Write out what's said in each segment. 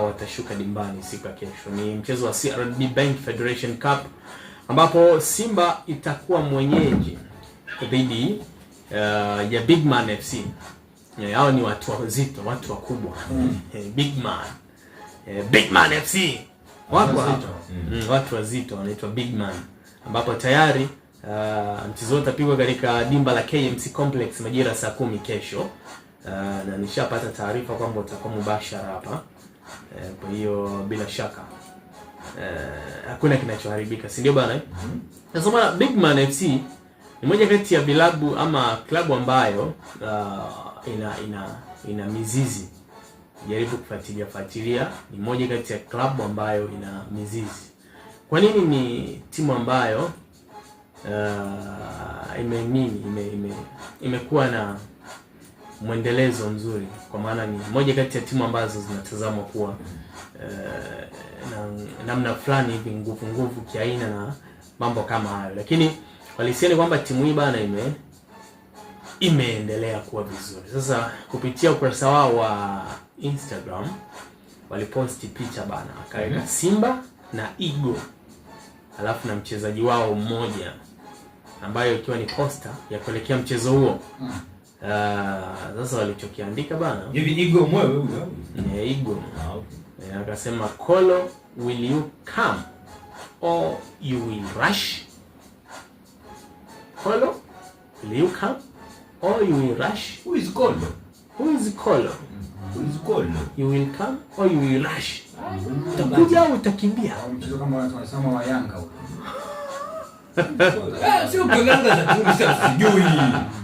watashuka dimbani siku ya kesho. Ni mchezo wa CRB Bank Federation Cup ambapo Simba itakuwa mwenyeji dhidi uh, ya Big Man FC. Eh, hao ni watu wazito, watu wakubwa. Mm. Eh, Big Man. Eh, Big Man FC. Wako wazito. Mm. Watu wazito wanaitwa Big Man ambapo tayari uh, mchezo utapigwa katika dimba la KMC Complex majira saa kumi kesho. Uh, na nishapata taarifa kwamba utakuwa mubashara hapa Eh, kwa hiyo bila shaka eh, hakuna kinachoharibika, si ndio bana? Sasa bana, Man FC ni moja kati ya vilabu ama klabu ambayo uh, ina ina ina mizizi. Jaribu kufuatilia fuatilia, ni moja kati ya klabu ambayo ina mizizi. Kwa nini? Ni timu ambayo uh, imemini ime, ime, imekuwa na mwendelezo mzuri, kwa maana ni moja kati ya timu ambazo zinatazamwa kuwa eh, na namna fulani hivi nguvu nguvu kiaina na mambo kama hayo, lakini walisia ni kwamba timu hii bana ime imeendelea kuwa vizuri. Sasa kupitia ukurasa wao wa Instagram waliposti picha bana, akaweka mhm. Simba na Igo alafu na mchezaji wao mmoja ambayo ikiwa ni posta ya kuelekea mchezo huo mhm. Ah, sasa walichokiandika bana, hivi Igom wewe huyo ni Igom eh, akasema, Kolo, will you come or you will rush? Kolo, will you come or you will rush? Who is Kolo? Who is Kolo? Who is Kolo? You will come or you will rush? Utakuja mm-hmm. au utakimbia? Mchezo kama watu wanasema wa Yanga huko. Eh, sio kwa Yanga za sijui.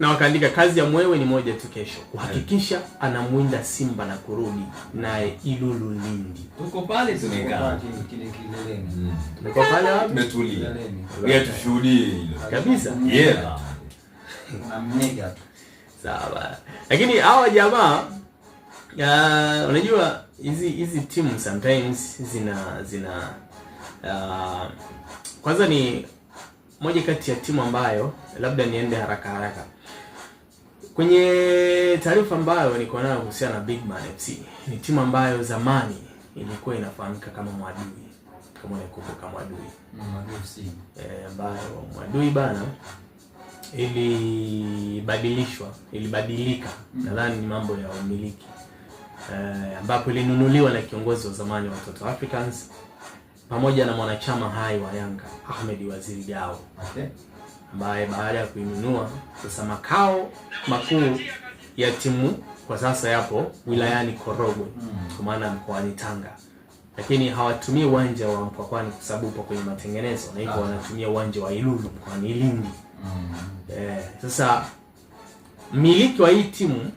na wakaandika kazi ya mwewe ni moja tu, kesho kuhakikisha eh. anamwinda simba na kurudi naye Ilulu Lindi. Tuko pale tumekaa tuko pale mm. tumetulia, ya tushuhudie hilo kabisa, yeah, namnega tu sawa. Lakini hawa jamaa uh, unajua hizi hizi timu sometimes zina zina uh, kwanza ni moja kati ya timu ambayo labda niende haraka haraka kwenye taarifa ambayo niko nayo kuhusiana na Big Man FC ni timu ambayo zamani ilikuwa inafahamika kama Mwadui, kama unakumbuka Mwadui e, ambayo e, Mwadui bana ilibadilishwa ilibadilika, mm. nadhani ni mambo ya umiliki e, ambapo ilinunuliwa na kiongozi wa zamani wa Toto Africans pamoja na mwanachama hai wa Yanga Ahmed Waziri Jao eh, ambaye okay, baada ya kuinunua sasa makao makuu ya timu kwa sasa yapo wilayani Korogwe mm. kwa maana mkoani Tanga, lakini hawatumii uwanja wa Mkwakwani kwa sababu upo kwenye matengenezo, na hivyo ah. wanatumia uwanja wa Ilulu mkoani Ilingi. Mm. Eh, sasa mmiliki wa hii timu,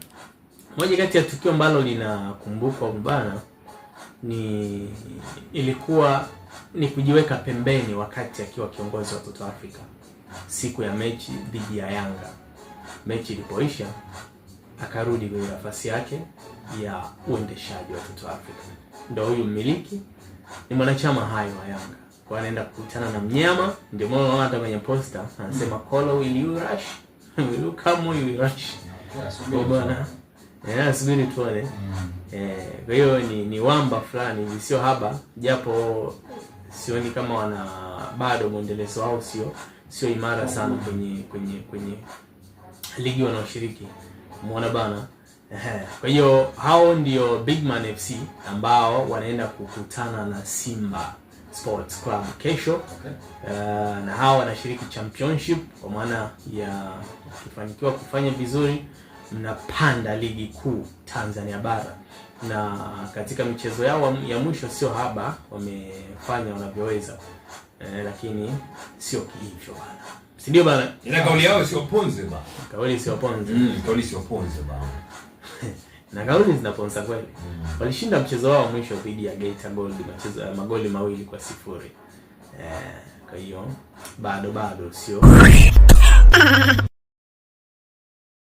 moja kati ya tukio ambalo linakumbukwa bana ni ilikuwa ni kujiweka pembeni wakati akiwa kiongozi wa Toto Africa siku ya mechi dhidi ya Yanga. Mechi ilipoisha akarudi kwenye nafasi yake ya uendeshaji wa Toto Afrika. Ndio huyu mmiliki ni mwanachama hai wa Yanga, kwa anaenda kukutana na mnyama. Ndio maana hata kwenye posta anasema Kolo, will you rush will you come will you rush bwana Yeah, subiri tuone. Mm. Eh, kwa hiyo ni, ni wamba fulani sio haba japo sioni kama wana bado mwendelezo wao sio sio imara sana kwenye kwenye kwenye ligi wanaoshiriki, muona bana. Kwa hiyo hao ndio Bigman FC ambao wanaenda kukutana na Simba Sports Club kesho. Okay. Uh, na hao wanashiriki championship kwa maana ya kifanikiwa kufanya vizuri mnapanda ligi kuu Tanzania bara, na katika michezo yao ya mwisho sio haba, wamefanya wanavyoweza eh, lakini sio kiisho bana, si ndio bana? Ila kauli yao sio ponze bana, kauli sio ponze mm, kauli sio ponze bana na kauli zinaponza kweli. Mm. Walishinda mchezo wao mwisho dhidi ya Geita Gold mchezo magoli mawili kwa sifuri eh, kwa hiyo bado bado sio